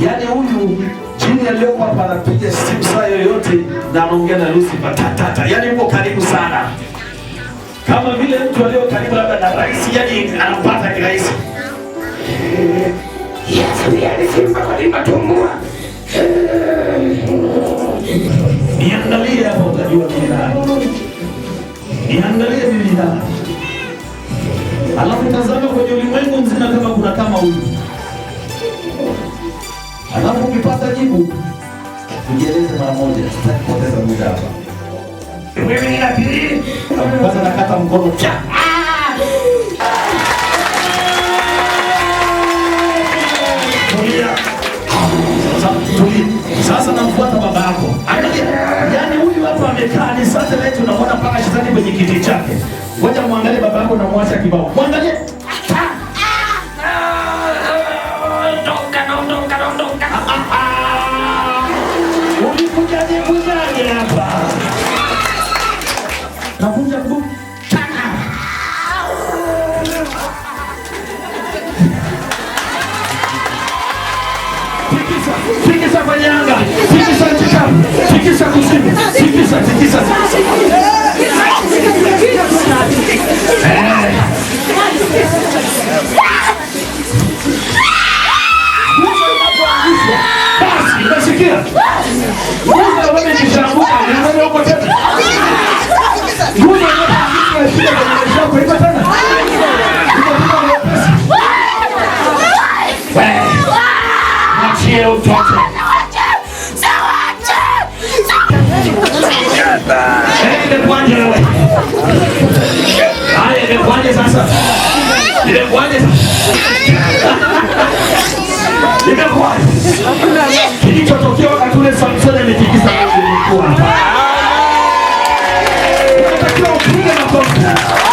Yaani huyu jini aliyokuwa hapa anapiga simu saa yoyote na anaongea na Lucifer tatata, yaani yuko karibu sana, kama vile mtu aliyo karibu labda na rais, yaani anampata kirahisi. Eh, Niangalie hapo, utajua ni nani. Niangalie mimi nani, alafu tazama kwenye ulimwengu mzima kama kuna kama huyu Alafu ukipata jibu ujieleze mara moja, sitaki kupoteza muda hapa. Mimi ninapili kwanza nakata mkono cha sasa namfuata baba yako. yani huyu hapa amekaa ni sasa leo tunaona paka shetani kwenye kiti chake. Ngoja muangalie baba yako na muacha kibao. Muangalie. Jesus, Jesus. imekuaje wewe? Haya, imekuaje sasa? Imekuaje sasa? Imekuaje? Kilichotokea wakati ule Samson ametikisa mji mkuu hapa. Unatakiwa upige makofi.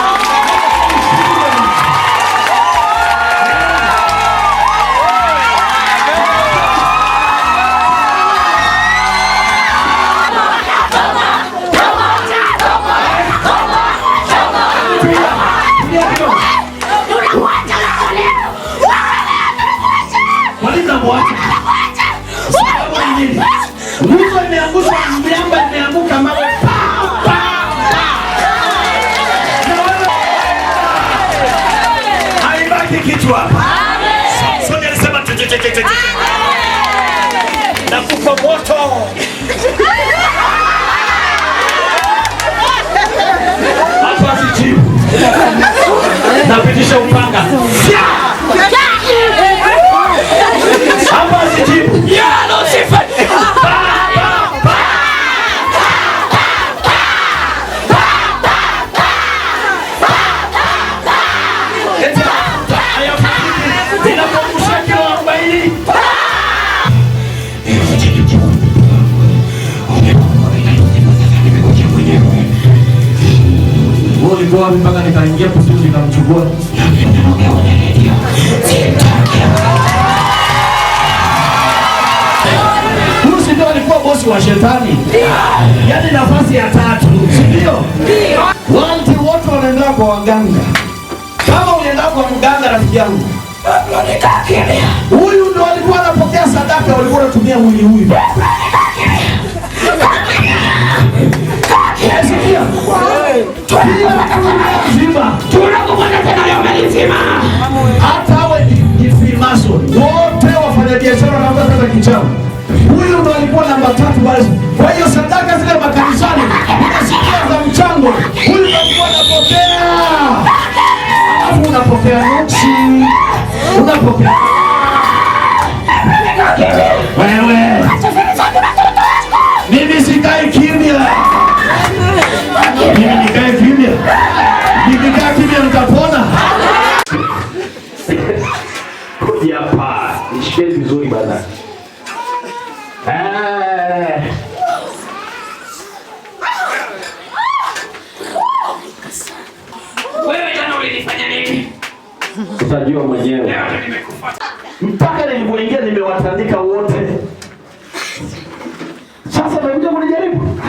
nilikuwa wapi mpaka nikaingia kusudi nikamchukua? ndio alikuwa bosi wa shetani? Yaani nafasi ya tatu, ndio? Wanti wote wanaenda kwa waganga. Kama kwa mganga, rafiki yangu, huyu ndio alikuwa anapokea sadaka, walikuwa wanatumia mwili huyu tunakupata tena leo umelizima. Hata awe ni jizimaso wote wafanyabiashara na mtaka za kichawi, huyu ndo alikuwa namba tatu basi. Kwa hiyo sadaka zile makanisani unasikia za mchango, huyu ndo alikuwa anapokea, alafu unapokea nuksi, unapokea wewe nimeingia nimewatandika wote. Sasa nimekuja kunijaribu.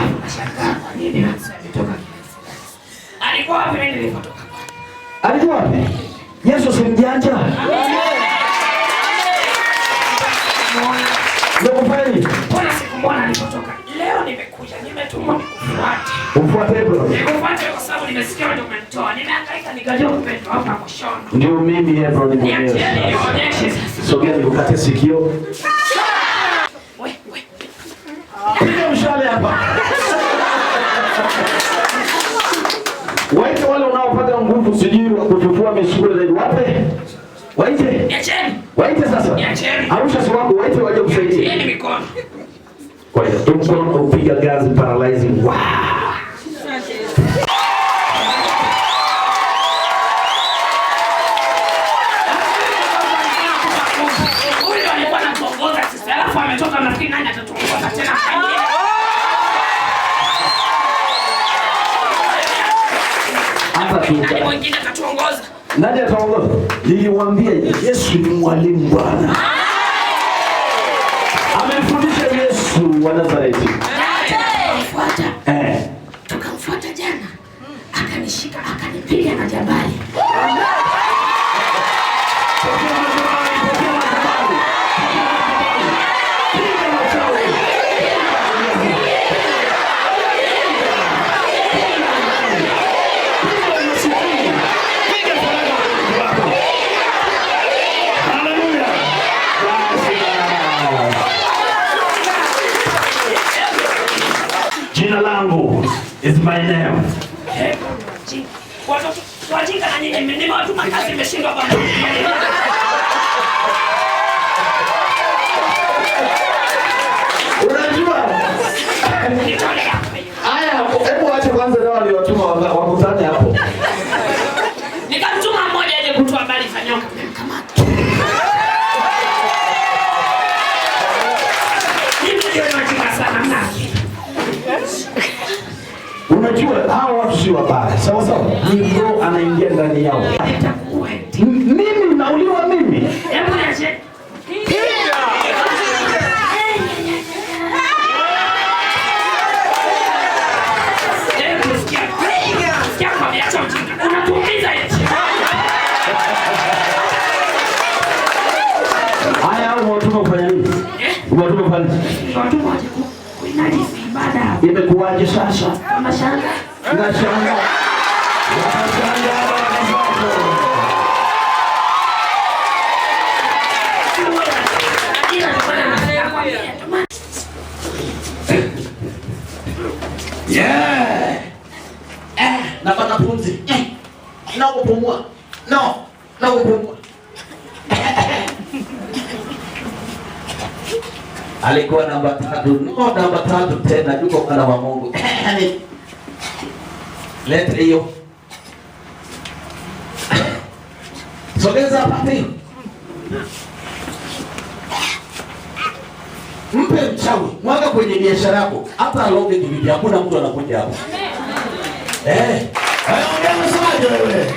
Alikuwa wapi mimi nilipotoka? Alikuwa wapi? Yesu si mjanja. Ndio kweli. Mbona sikumwona nilipotoka? Leo nimekuja nimetumwa nikufuate nikufuate bro. Nikufuate kwa sababu nimesikia wewe umenitoa. Nimehangaika nikajua Ndio mimi hapa nikuonyesha. Nionyeshe. Sogea nikukate sikio. Piga mshale hapa. Waite wale unaopata nguvu sijui wa kuchukua mishipa zaidi wape. Waite. Niacheni. Waite sasa. Niacheni. Arusha simu waite waje kusaidie. mikono. Kwa hiyo tumkono upiga gazi paralyzing Nani ataongoza? Niliwaambia Yesu ni mwalimu bwana. Amemfundisha Yesu wa Nazareti. Eh. kazi imeshindwa bana. Unajua? Haya, hebu acha kwanza dawa aliyotuma wakutane hapo. Nikamtuma mmoja aje kutoa habari za nyoka. Unajua hao watu si wabaya, sawa sawa, ni roho anaingia ndani yao. Mimi nauliwa mimi? Eh? Imekuwaje sasa? Nashangaa. unapopumua no na upumua alikuwa namba tatu no namba tatu tena yuko mwana wa Mungu leta hiyo sogeza pati mpe mchawi mwaga kwenye biashara yako hata loge kividi hakuna mtu anakuja hapo eh wewe unasemaje wewe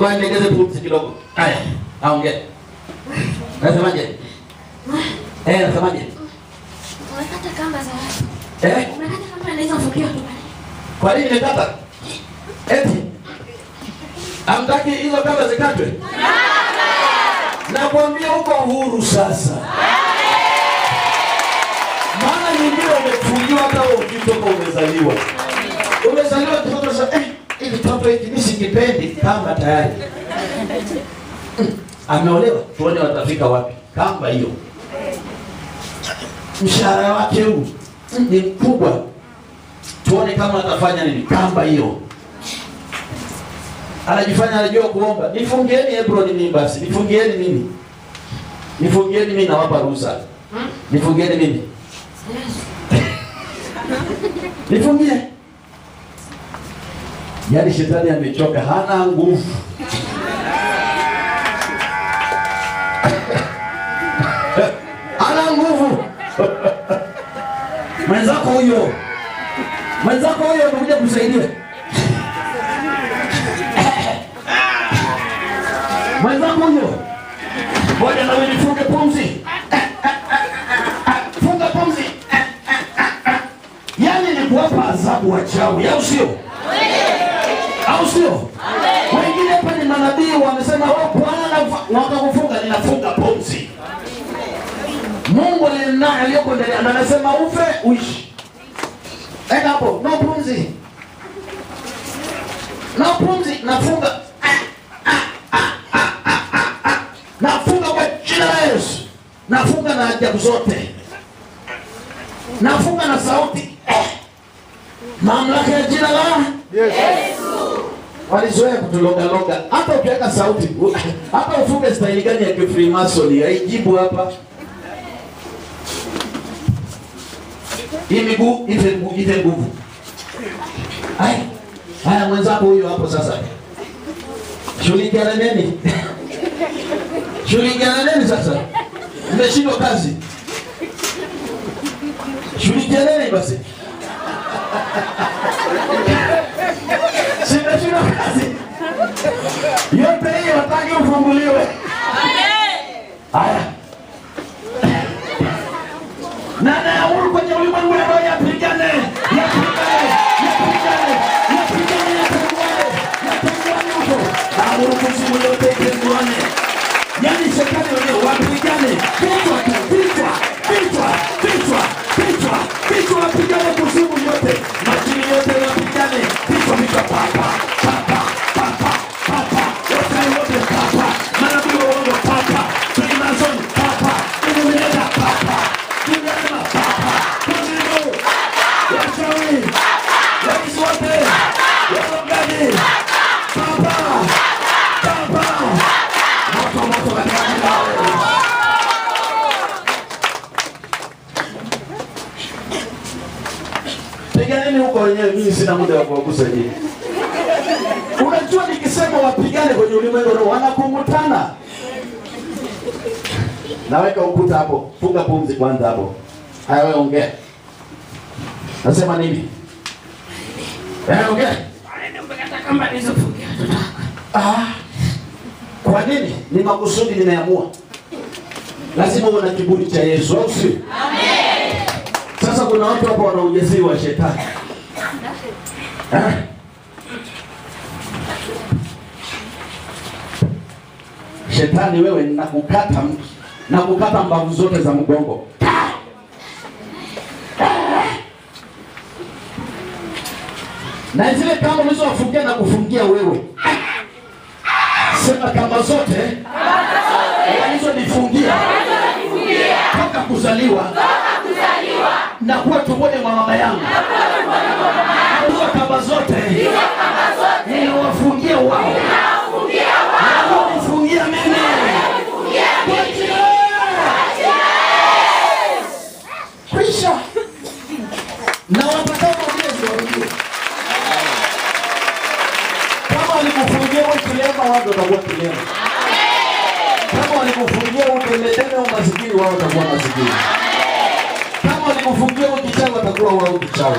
kwa nilegeze pumzi kidogo. Haya, aongee. Nasemaje? Eh, nasemaje? Unakata kamba za watu. Eh? Unakata kamba na hizo mfukio tu. Kwa nini nimekata? Eti. Amtaki hizo kamba zikatwe? Nakwambia uko huru sasa. Maana nyingine umefungiwa hata ukitoka umezaliwa. Umezaliwa mtoto sasa eh, ili mtoto hiki sikipendi kamba tayari ameolewa, tuone watafika wapi. Kamba hiyo mshahara wake huu ni mkubwa, tuone kama atafanya nini. Kamba hiyo anajifanya anajua kuomba, nifungieni Hebroni mimi, basi nifungieni mimi, nifungieni mimi, nawapa ruhusa, hmm? nifungieni mimi, nifungie yaani shetani amechoka, hana nguvu. hana nguvu mwenzako huyo, mwenzako huyo amekuja kusaidia mwenzako huyo, ngoja nawe nifunge pumzi, funga pumzi. Yaani ni kuwapa adhabu wachawi, au sio? au sio? Wengine hapa ni manabii wamesema, oh Bwana wakakufunga, ninafunga pumzi. Mungu alinaye aliyoko ndani anasema ufe uishi. Enda hapo, no pumzi. No pumzi, nafunga. Nafunga na ajabu zote. Nafunga na sauti. Eh. Mamlaka ya jina la Yesu. Walizoea kutuloga loga Hata ukiweka sauti, hata ufunge staili gani ya kifrimasoni, haijibu hapa. Hii miguu ite ife nguvu. Ai. Haya mwenzako huyo hapo sasa. Shughulikiana nini? Shughulikiana nini sasa? Mmeshindwa kazi. Shughulikiana nini basi? sina kazi yote hiyo hataki ufunguliwe. Haya, nani auru kwenye ulimwengu ya ya yapigana wamewagusa nyinyi. Unajua, nikisema wapigane kwenye ulimwengu roho wanakungutana. Naweka ukuta hapo, funga pumzi kwanza hapo. Haya, wewe ongea. Nasema nini? Wewe ongea. Ah, kwa nini? Ni makusudi, nimeamua. Lazima uwe na kiburi cha Yesu, au si? Amen. Sasa kuna watu hapo wana shetani. Shetani wewe, nakukata nakukata mbavu zote za mgongo. na zile kamba ulizowafungia na kufungia wewe, sema kamba zote walizonifungia toka kuzaliwa na kuwa tumboni mwa mama yangu, hizo kamba zote ninawafungia wao, nifungia mimi kisha na wapatao maongezi waujue kama walikufungia wewe kilema, wao watakuwa kilema. Kama walikufungia upendeleo masikini, wao watakuwa masikini kufungia ukichawi watakuwa wao ukichawi.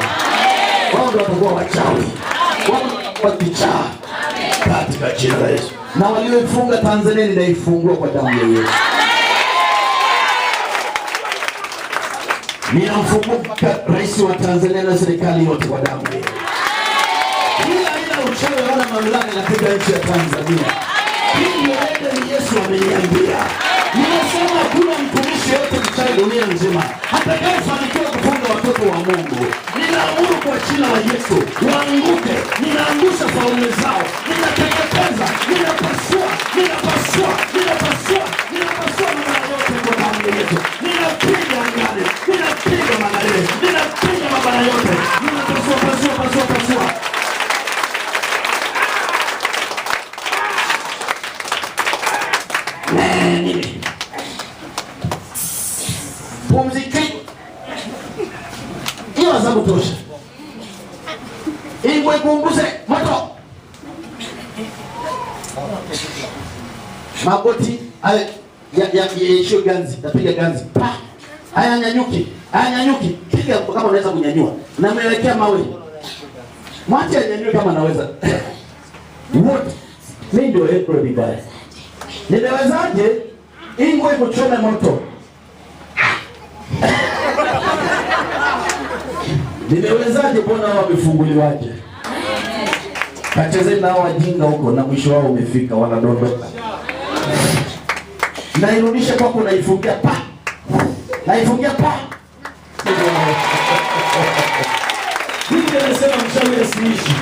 Wao ndio watakuwa wachawi. Wao wakichawi. Katika jina la Yesu. Na walioifunga Tanzania ninaifungua kwa damu ya Yesu. Ninamfunguka rais wa Tanzania na serikali yote kwa damu ya Yesu. Bila ila uchawi wala mamlaka katika nchi ya Tanzania. Hii ni Yesu ameniambia hakuna mtumishi yote mchawi dunia nzima atakayefanikiwa kufunga watoto wa Mungu. Ninaamuru kwa jina la Yesu waanguke, ninaangusha faume zao, ninateketeza, ninapasua, ninapasua, ninapasua, ninapasua mara yote kwa damu ya Yesu. Ninapiga angani, ninapiga magalele, ninapiga mabara yote, ninapasua, pasua, pasua pumzikeni. Hiyo za kutosha ili kuunguze moto. Magoti ya yaishio ganzi, tapiga ganzi pa, hayanyanyuki, hayanyanyuki. Piga kama unaweza kunyanyua, na mwelekea mawe, mwache anyanyue kama anaweza wote. Mimi ndio hekro vibaya, nimewezaje ingwe kuchome moto nimewezaje? Mbona hao wamefunguliwaje? Kacheze na hao wajinga huko, na mwisho wao umefika, wanadondoka. Nairudisha kwako, naifungia pa, naifungia pa. Biblia inasema mchawi asiishi.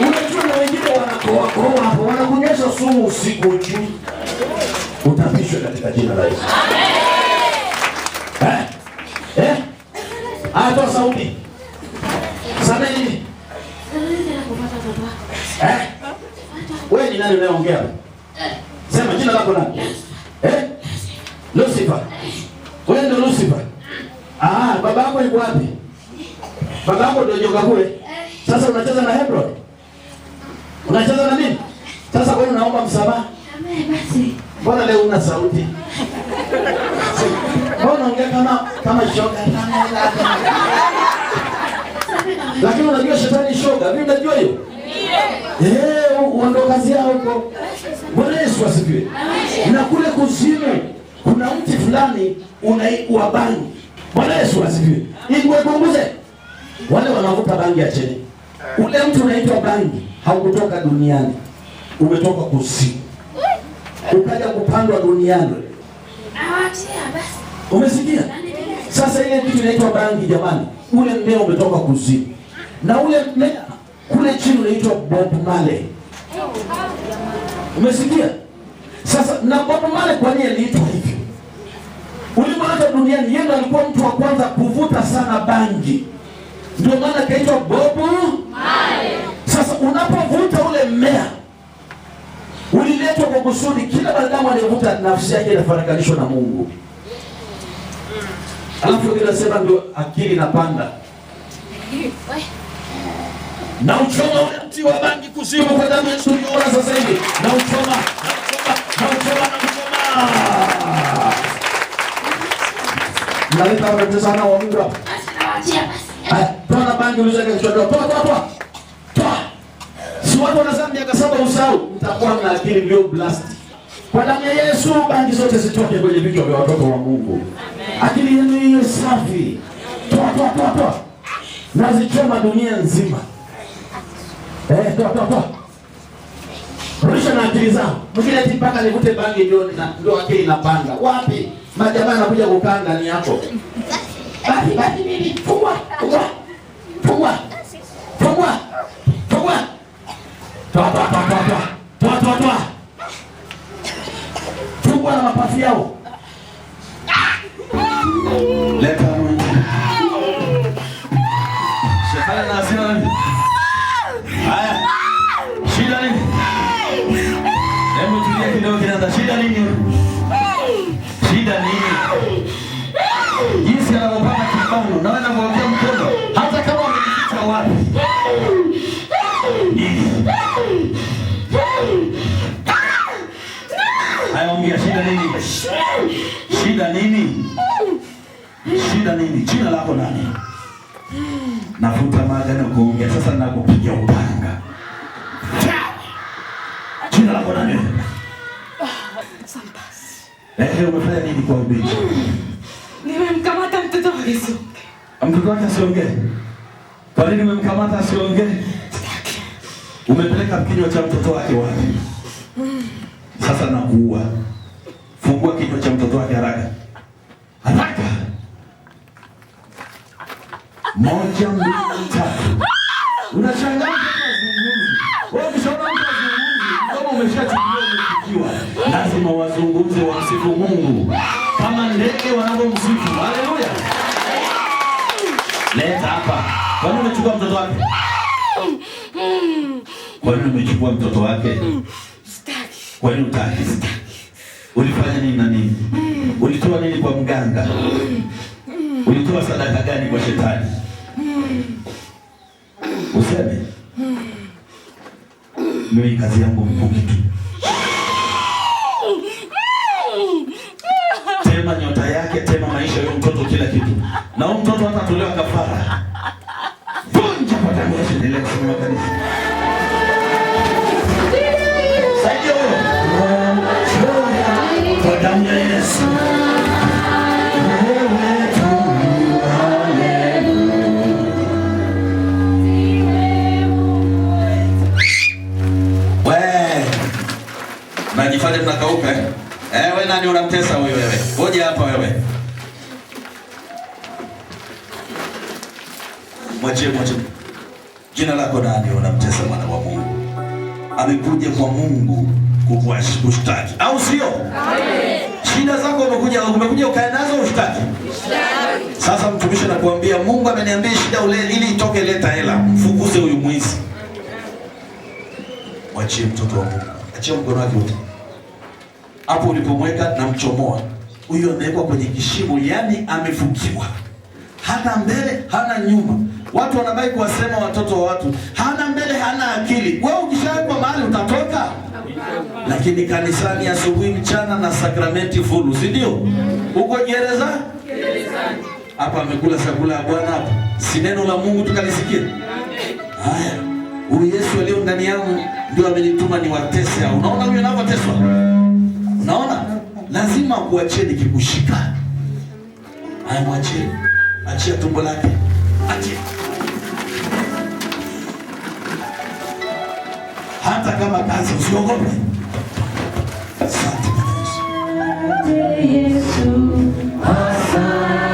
Unajua, na wengine wanakoakoa hapo, wanakunyesha sumu usiku, ujui utapishwe katika jina la Yesu. Eh? Eh? Atoa sauti. ni nani unayeongea? Eh. Sema jina lako nani? Eh? Lucifer. Wewe ndio Lucifer. Ah, baba yako yuko wapi? Baba yako ndio joka kule. Sasa unacheza na Hebron? Unacheza na nini? Sasa wewe unaomba msamaha? Amen basi. Mbona leo una sauti? Mbona ongea kama kama shoga Lakini unajua shetani shoga, mimi najua hiyo. Eh kuondoka kazi yao huko. Bwana Yesu asifiwe. Na kule kuzimu kuna mti fulani unaikuwa bangi. Bwana Yesu asifiwe. Ikuepunguze wale wanavuta bangi, acheni ule mtu unaitwa bangi. Haukutoka duniani, umetoka kuzimu, ukaja kupandwa duniani. basi. Umesikia? Sasa ile kitu inaitwa bangi, jamani, ule mmea umetoka kuzimu, na ule mmea kule chini unaitwa Bob Marley. Umesikia? Sasa na Bob Marley kwa nini aliitwa hivyo? Ulimwengu duniani yeye alikuwa mtu wa kwanza kuvuta sana bangi. Ndio maana kaitwa Bobu Marley. Sasa unapovuta ule mmea uliletwa kwa kusudi, kila wanadamu aliyevuta nafsi yake inafarakanishwa na Mungu. Alafu kila sema ndio akili inapanda na uchoma mti wa bangi kuzimu kwa damu Yesu uliona sasa hivi, na uchoma na uchoma na uchoma. na uchoma Mnaleta watu sana wa Mungu hapa. Eh, toa bangi ulizo kwa kichwa, toa toa toa. Toa. Si watu wanazama miaka saba usahau, mtakuwa na akili mlio blast. Kwa damu ya Yesu bangi zote zitoke kwenye vichwa vya watoto wa Mungu. Akili yenu iwe safi. Toa toa toa toa. Nazichoma dunia nzima. Eh, toa toa toa. na akili zao. Mwingine ati mpaka nivute bangi ndio ndio akili inapanga. Wapi? Majamaa anakuja kukaa ndani yako. Basi basi mimi fungua, fungua. Fungua. Fungua. Fungua. Toa toa toa toa toa. Toa toa toa. Fungua na mapafu yao. Leta nini? Shida nini? Jinsi anavyopata kibavu na anavyoongea mkono hata kama amejificha wapi. Hayaongea shida nini? Shida nini? Shida nini? Jina lako nani? Nafuta na kuongea sasa, nakupiga upanga. Jina lako nani? Eh, eh, umefanya nini kwa ubiri? Nimemkamata mtoto wa Yesu. Ah, mtoto wake asiongee. Kwa nini umemkamata asiongee? Umepeleka kinywa cha mtoto wake wapi? Sasa nakuua. Fungua kinywa cha mtoto wake haraka. Haraka. Moja, mbili, tatu. Unashangaa? lazima wazungumze, wamsifu Mungu kama ndege wanavyomsifu. Haleluya! Leta hapa. Kwa nini umechukua mtoto wake? Kwa nini umechukua mtoto wake? Kwa nini utaki? Ulifanya nini na nini? Ulitoa nini kwa mganga? Ulitoa sadaka gani kwa shetani? Useme mimi kazi yangu mkuu kitu tema nyota yake, tema maisha ya mtoto, kila kitu, na huyo mtoto hata atolewa kafara. Vunja kwa damu ya Yesu, endelea kusimama kanisa, saidia huyo kwa damu ya Yesu. nani unamtesa huyu wewe? Ngoja hapa wewe. Mwache mwache. Jina lako nani unamtesa mwana wa Mungu? Amekuja kwa Mungu kukushtaki. Au sio? Amen. Shida zako umekuja umekuja ukae nazo ushtaki. Sasa mtumishi anakuambia Mungu ameniambia shida ule ili itoke, leta hela. Mfukuze huyu mwizi. Mwachie mtoto wa Mungu. Achia mkono wake hapo ulipomweka na mchomoa huyo amewekwa kwenye kishimo, yani amefukiwa, hana mbele hana nyuma. Watu wanabaki kuwasema watoto wa watu, hana mbele hana akili. Wewe ukishawekwa mahali utatoka? Lakini kanisani asubuhi, mchana na sakramenti fulu, si ndio? Huko gereza hapa, amekula chakula ya Bwana hapa, si neno la Mungu tukalisikia? Haya, huyu Yesu aliyo ndani yangu ndio amenituma niwatese. Unaona huyu anavyoteswa Naona lazima kuacheni nikikushika Haya, mwachie, achia tumbo lake, achia hata kama kazi, usiogope. Asante Yesu, asante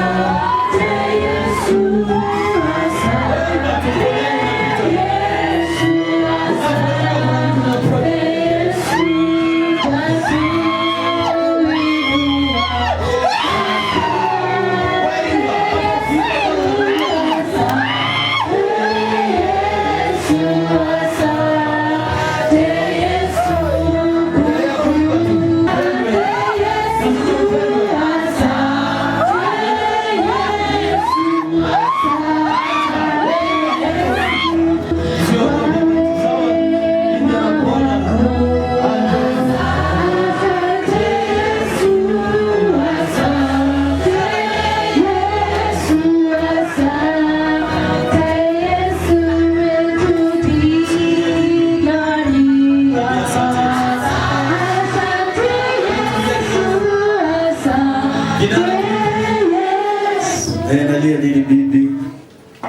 nini bibi?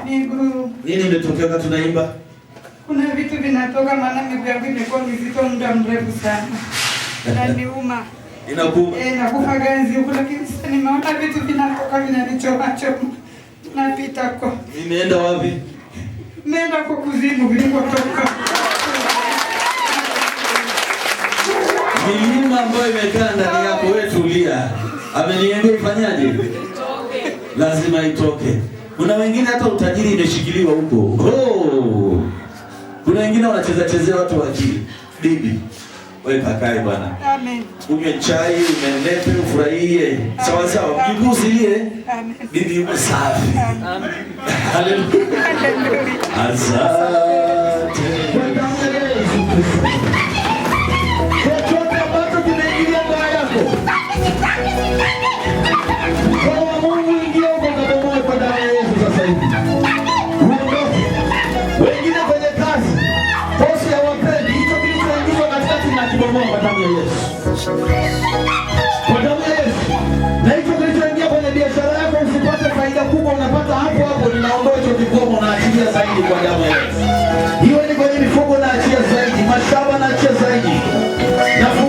Miguu. Nini imetokea wakati tunaimba? Kuna vitu vinatoka maana miguu yangu imekuwa mizito muda mrefu sana. Na niuma. Inakuuma. Eh, nakufa ganzi huko lakini sasa nimeona vitu vinatoka vinanichoma choma. Napita kwa. Nimeenda wapi? kwa kuzimu Milima ambayo imekaa ndani yako wewe tulia. Ameniambia ifanyaje? lazima itoke. Kuna wengine hata utajiri imeshikiliwa huko Kuna wengine wanacheza chezea watu wa akili. Bibi wewe kakae bwana, amen. Unywe chai umenepe, ufurahie sawa sawa, mjukuu usilie, bibi yuko safi. Amen, haleluya, asante zaidi. Uondoke. Wengine kwenye kazi, ya hawapendi. Hicho kilichoingizwa katikati na kibomoa kwa damu ya Yesu. Kwa damu ya Yesu. Na hicho kilichoingia kwenye biashara yako usipate faida kubwa, unapata hapo hapo, ninaondoa hicho kibomo na zaidi kwa damu ya Yesu. Hiyo ni kwenye mifugo naachia achia zaidi, mashamba na zaidi. Na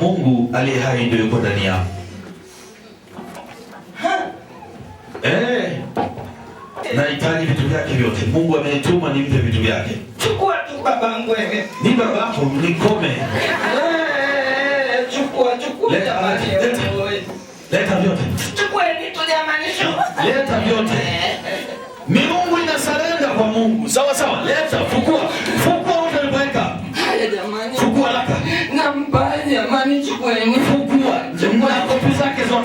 Mungu aliye hai ndio yuko ndani yako. Eh, nahitaji vitu vyake vyote. Mungu amenituma nimpe vitu vyake. Chukua tu babangu wewe. Ni baba babako nikome. Eh, chukua chukua. Leta vyote. Leta vyote. Chukua vitu jamani. Leta vyote. Miungu ina surrender kwa Mungu. Sawa sawa. Leta fukua. fukua.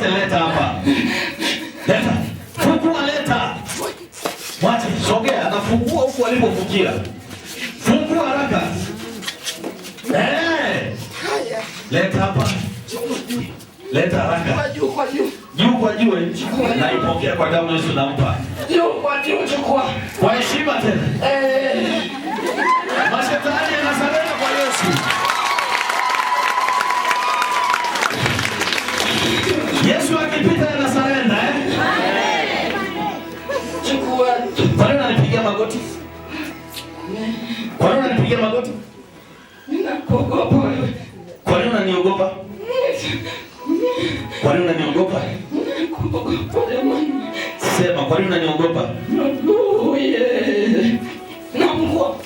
wote leta hapa. Leta. Fungua leta. Mwache, sogea, anafungua huko alipofukia. Fungua haraka. Eh. Leta hapa. Leta haraka. Juu kwa juu. Juu kwa juu. Eh. naipokea kwa damu Yesu nampa. Juu kwa juu chukua. Kwa heshima tena. Eh. Mashetani unapiga magoti? Ninakuogopa wewe. Kwa nini unaniogopa? Kwa nini unaniogopa? Ninakuogopa jamani. Sema, kwa nini unaniogopa? Na Mungu